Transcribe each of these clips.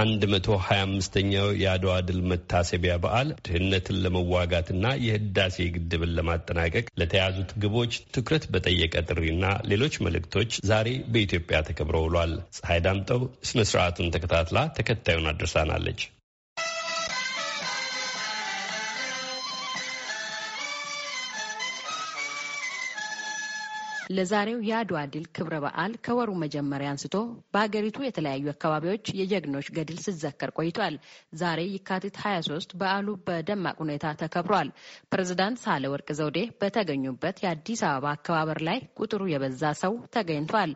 አንድ መቶ የአድዋ ድል መታሰቢያ በዓል ድህነትን ለመዋጋትና የህዳሴ ግድብን ለማጠናቀቅ ለተያዙት ግቦች ትኩረት በጠየቀ ጥሪና ሌሎች መልእክቶች ዛሬ በኢትዮጵያ ተከብረው ውሏል። ፀሐይ ዳምጠው ስነ ስርዓቱን ተከታትላ ተከታዩን አድርሳናለች። ለዛሬው የአድዋ ድል ክብረ በዓል ከወሩ መጀመሪያ አንስቶ በሀገሪቱ የተለያዩ አካባቢዎች የጀግኖች ገድል ሲዘከር ቆይቷል። ዛሬ የካቲት 23 በዓሉ በደማቅ ሁኔታ ተከብሯል። ፕሬዝዳንት ሳህለወርቅ ዘውዴ በተገኙበት የአዲስ አበባ አከባበር ላይ ቁጥሩ የበዛ ሰው ተገኝቷል።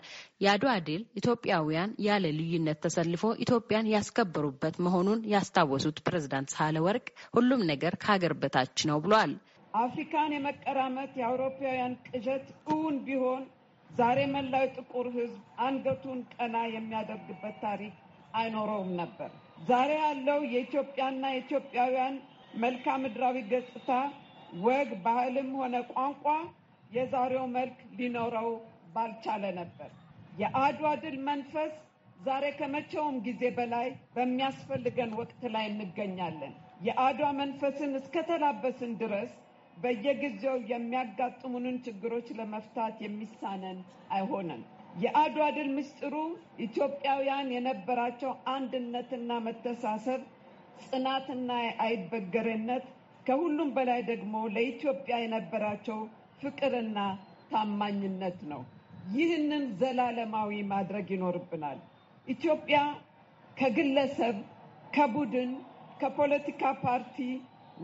የአድዋ ድል ኢትዮጵያውያን ያለ ልዩነት ተሰልፎ ኢትዮጵያን ያስከበሩበት መሆኑን ያስታወሱት ፕሬዝዳንት ሳህለወርቅ ሁሉም ነገር ከሀገር በታች ነው ብሏል። አፍሪካን የመቀራመት የአውሮፓውያን ቅዠት እውን ቢሆን ዛሬ መላው ጥቁር ሕዝብ አንገቱን ቀና የሚያደርግበት ታሪክ አይኖረውም ነበር። ዛሬ ያለው የኢትዮጵያና የኢትዮጵያውያን መልክዓ ምድራዊ ገጽታ፣ ወግ፣ ባህልም ሆነ ቋንቋ የዛሬው መልክ ሊኖረው ባልቻለ ነበር። የአድዋ ድል መንፈስ ዛሬ ከመቼውም ጊዜ በላይ በሚያስፈልገን ወቅት ላይ እንገኛለን። የአድዋ መንፈስን እስከተላበስን ድረስ በየጊዜው የሚያጋጥሙንን ችግሮች ለመፍታት የሚሳነን አይሆንም። የአድዋ ድል ምስጢሩ ኢትዮጵያውያን የነበራቸው አንድነትና መተሳሰብ፣ ጽናትና አይበገሬነት፣ ከሁሉም በላይ ደግሞ ለኢትዮጵያ የነበራቸው ፍቅርና ታማኝነት ነው። ይህንን ዘላለማዊ ማድረግ ይኖርብናል። ኢትዮጵያ ከግለሰብ፣ ከቡድን፣ ከፖለቲካ ፓርቲ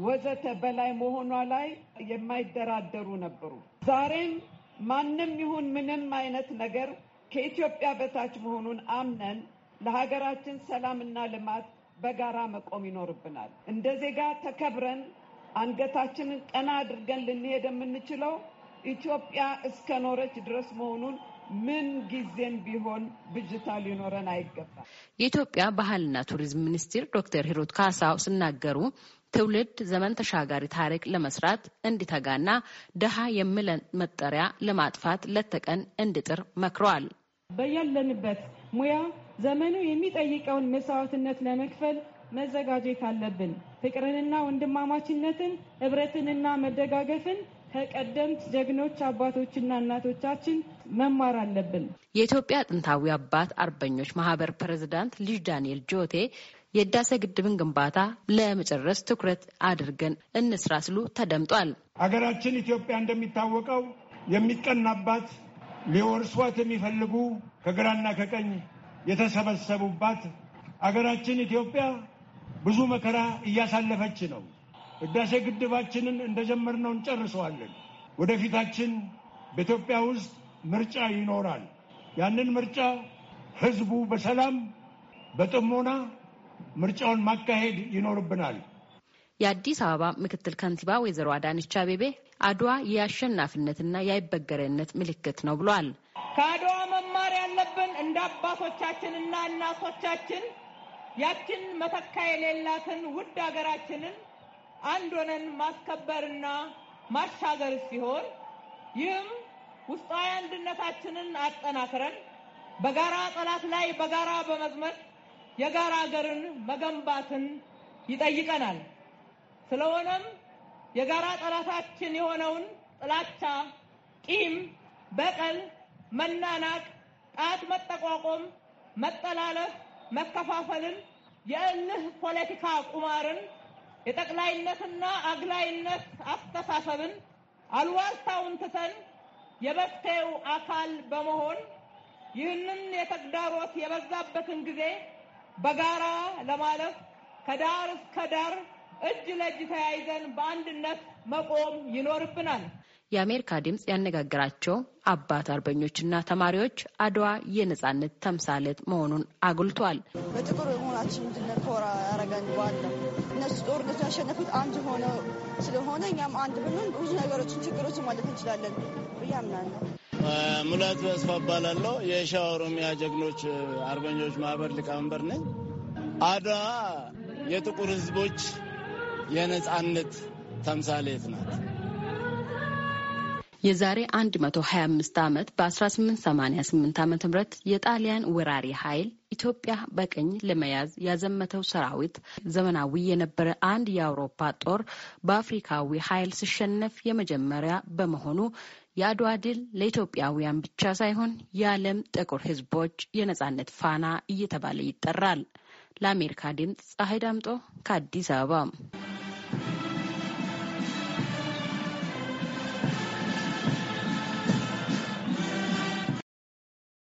ወዘተ በላይ መሆኗ ላይ የማይደራደሩ ነበሩ። ዛሬም ማንም ይሁን ምንም አይነት ነገር ከኢትዮጵያ በታች መሆኑን አምነን ለሀገራችን ሰላምና ልማት በጋራ መቆም ይኖርብናል። እንደ ዜጋ ተከብረን አንገታችንን ቀና አድርገን ልንሄድ የምንችለው ኢትዮጵያ እስከ ኖረች ድረስ መሆኑን ምን ጊዜም ቢሆን ብጅታ ሊኖረን አይገባም። የኢትዮጵያ ባህልና ቱሪዝም ሚኒስትር ዶክተር ሂሩት ካሳው ሲናገሩ ትውልድ ዘመን ተሻጋሪ ታሪክ ለመስራት እንዲተጋና ድሃ የሚለን መጠሪያ ለማጥፋት ለተቀን እንዲጥር መክረዋል። በያለንበት ሙያ ዘመኑ የሚጠይቀውን መስዋዕትነት ለመክፈል መዘጋጀት አለብን። ፍቅርንና ወንድማማችነትን፣ ህብረትንና መደጋገፍን ከቀደምት ጀግኖች አባቶችና እናቶቻችን መማር አለብን። የኢትዮጵያ ጥንታዊ አባት አርበኞች ማህበር ፕሬዝዳንት ልጅ ዳንኤል ጆቴ የህዳሴ ግድብን ግንባታ ለመጨረስ ትኩረት አድርገን እንስራ ስሉ ተደምጧል። አገራችን ኢትዮጵያ እንደሚታወቀው የሚቀናባት ሊወርሷት የሚፈልጉ ከግራና ከቀኝ የተሰበሰቡባት አገራችን ኢትዮጵያ ብዙ መከራ እያሳለፈች ነው። ህዳሴ ግድባችንን እንደጀመርነው እንጨርሰዋለን። ወደፊታችን በኢትዮጵያ ውስጥ ምርጫ ይኖራል። ያንን ምርጫ ህዝቡ በሰላም በጥሞና ምርጫውን ማካሄድ ይኖርብናል። የአዲስ አበባ ምክትል ከንቲባ ወይዘሮ አዳነች አቤቤ አድዋ የአሸናፊነትና የአይበገረነት ምልክት ነው ብሏል። ከአድዋ መማር ያለብን እንደ አባቶቻችን እና እናቶቻችን ያችን መተካ የሌላትን ውድ ሀገራችንን አንድ ሆነን ማስከበርና ማሻገር ሲሆን ይህም ውስጣዊ አንድነታችንን አጠናክረን በጋራ ጠላት ላይ በጋራ በመዝመት የጋራ ሀገርን መገንባትን ይጠይቀናል። ስለሆነም የጋራ ጠላታችን የሆነውን ጥላቻ፣ ቂም፣ በቀል፣ መናናቅ፣ ጣት መጠቋቆም፣ መጠላለፍ፣ መከፋፈልን፣ የእልህ ፖለቲካ ቁማርን፣ የጠቅላይነትና አግላይነት አስተሳሰብን አሉባልታውን ትተን የመፍትሄው አካል በመሆን ይህንን የተግዳሮት የበዛበትን ጊዜ በጋራ ለማለፍ ከዳር እስከ ዳር እጅ ለእጅ ተያይዘን በአንድነት መቆም ይኖርብናል። የአሜሪካ ድምፅ ያነጋግራቸው አባት አርበኞችና ተማሪዎች አድዋ የነጻነት ተምሳሌት መሆኑን አጉልቷል። በጥቁር መሆናችን እንድንኮራ ያደረገን ባለ እነሱ ጦርነቱ ያሸነፉት አንድ ሆነ ስለሆነ እኛም አንድ ብንሆን ብዙ ነገሮችን፣ ችግሮችን ማለፍ እንችላለን ብዬ ሙላት በስፋ እባላለሁ። የሻ ኦሮሚያ ጀግኖች አርበኞች ማህበር ሊቀመንበር ነኝ። አድዋ የጥቁር ህዝቦች የነጻነት ተምሳሌት ናት። የዛሬ 125 ዓመት በ1888 ዓ ም የጣሊያን ወራሪ ኃይል ኢትዮጵያ በቅኝ ለመያዝ ያዘመተው ሰራዊት ዘመናዊ የነበረ አንድ የአውሮፓ ጦር በአፍሪካዊ ኃይል ሲሸነፍ የመጀመሪያ በመሆኑ የአድዋ ድል ለኢትዮጵያውያን ብቻ ሳይሆን የዓለም ጥቁር ሕዝቦች የነጻነት ፋና እየተባለ ይጠራል። ለአሜሪካ ድምፅ ፀሐይ ዳምጦ ከአዲስ አበባ